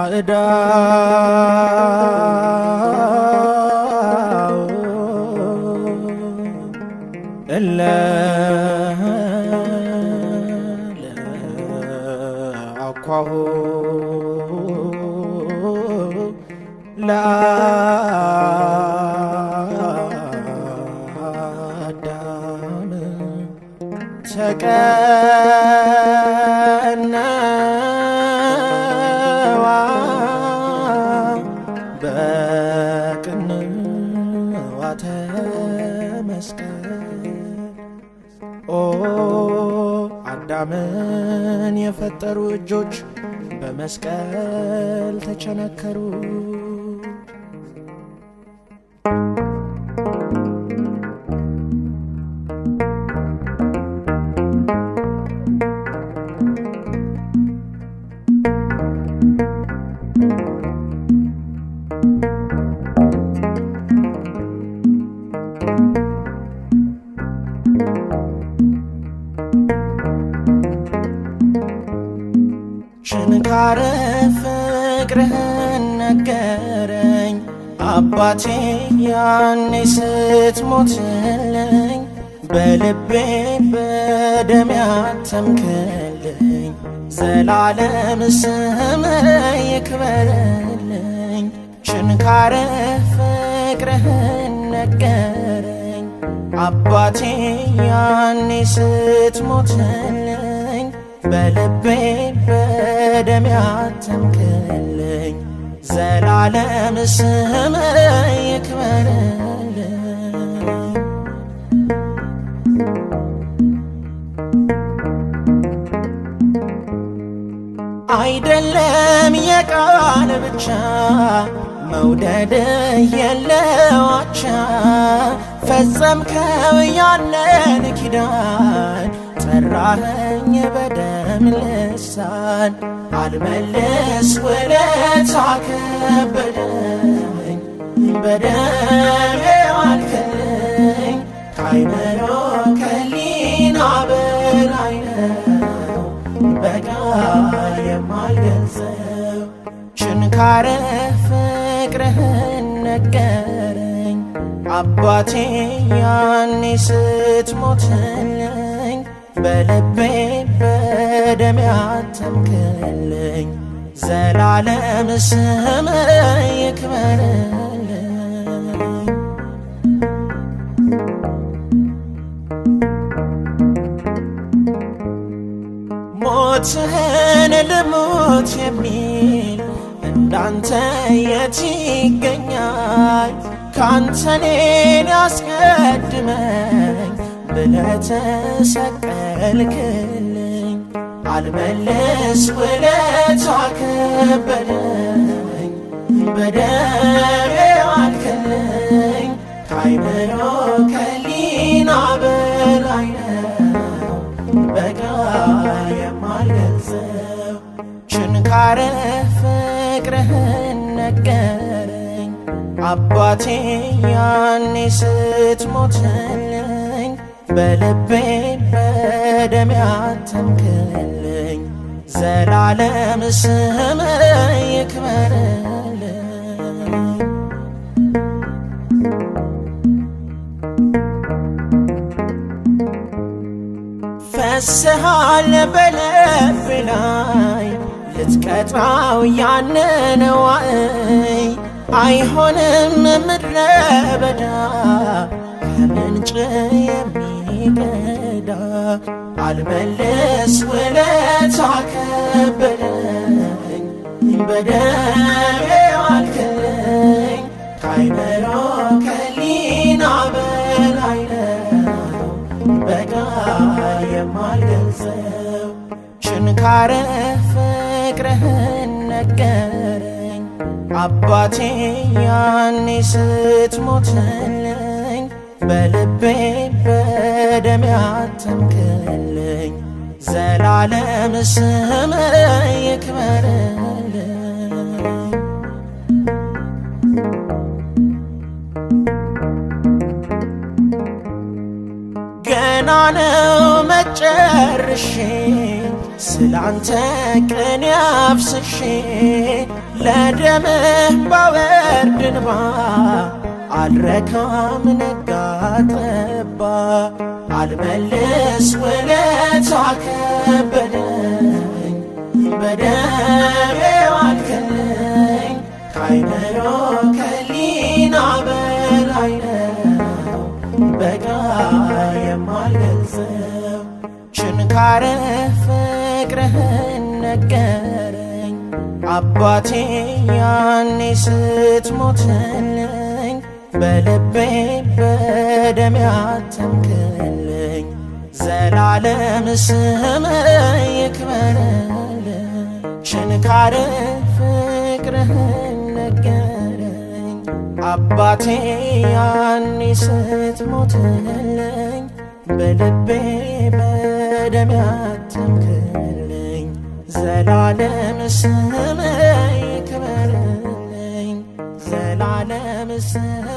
አእዳው አኳሁ ላ በቀነዋ በቅንዋ ተመስገን ኦ አዳምን የፈጠሩ እጆች በመስቀል ተቸነከሩ። ችንካረ ፍቅርህን ነገረኝ አባቴ ያኔ ስትሞትልኝ በልቤ በደም ያተምክልኝ ዘላለም ስምህ ይክበርልኝ። ጥንካረ ፍቅርህን ነገረኝ አባቴ ያኔ ስትሞትልኝ በልቤ በደም ያተምክልኝ ዘላለም ስም ይክበር አይደለም የቃል ብቻ መውደድ የለዋቻ ፈጸምከው ያለን ኪዳን ጠራኸኝ በደም ልሳን አልመልስ ውለታ ከበደኝ በደም ዋልክልኝ ካይመሮ ከሊና በላይ ነው በጋ ፍቅርህን ነገረኝ አባቴ ያኔ ስትሞትልኝ በልቤ በደም ያተምክልኝ ዘላለም ስም ይክበር ሞትህን ልሞት የሚ አንተ የት ይገኛል ካንተ እኔን ያስቀድመኝ ብለህ ተሰቀልክልኝ አልመልስ ውለታ ከበደኝ በደም ዋልክልኝ ካይምሮ ከሊና በላይ ነው በቃ የማልገልጸው ችንካረ ፍቅርህን ነገረኝ አባቴ ያኔ ስትሞትልኝ በልቤ በደም ያተምክልኝ ዘላለም ስምህ ይክበርልኝ። ፈስሃል በለብላ ልትቀጣው ያንን አይሆንም ምድረ በዳ ከምንጭ የሚቀዳ አልመልስ ውለታ ከበደኝ በደሜ ዋልክልኝ ካይመሮ ከሊና በላይ ነው በዳ የማልገልጸው ችንካረ ፍቅርህን ነገረኝ አባቴ ያኔ ስትሞትልኝ በልቤ በደም ያተምክልኝ ዘላለም ስምህ ይክበርልኝ። ገና ነው መጨርሼ! ስላንተ ቀን ያፍስሼ ለደም ባወርድ እንባ አልረካም ነጋ አልመልስ ውለታ ከበደኝ በደም ዋልክልኝ ካይነሮ ከሊና በላይ ነው በጋ የማልገልጸው ችንካረፍ ፍቅርህን ነገረኝ አባቴ ያኔ ስትሞትልኝ በልቤ በደም ያተምክልኝ ዘላለም ስም ይክበርልኝ ችንካር ፍቅርህን ነገረኝ አባቴ ያኔ ስትሞትልኝ በልቤ በደም ያተምክልኝ ዘላለም ስምህ ይክበር ዘላለም ስምህ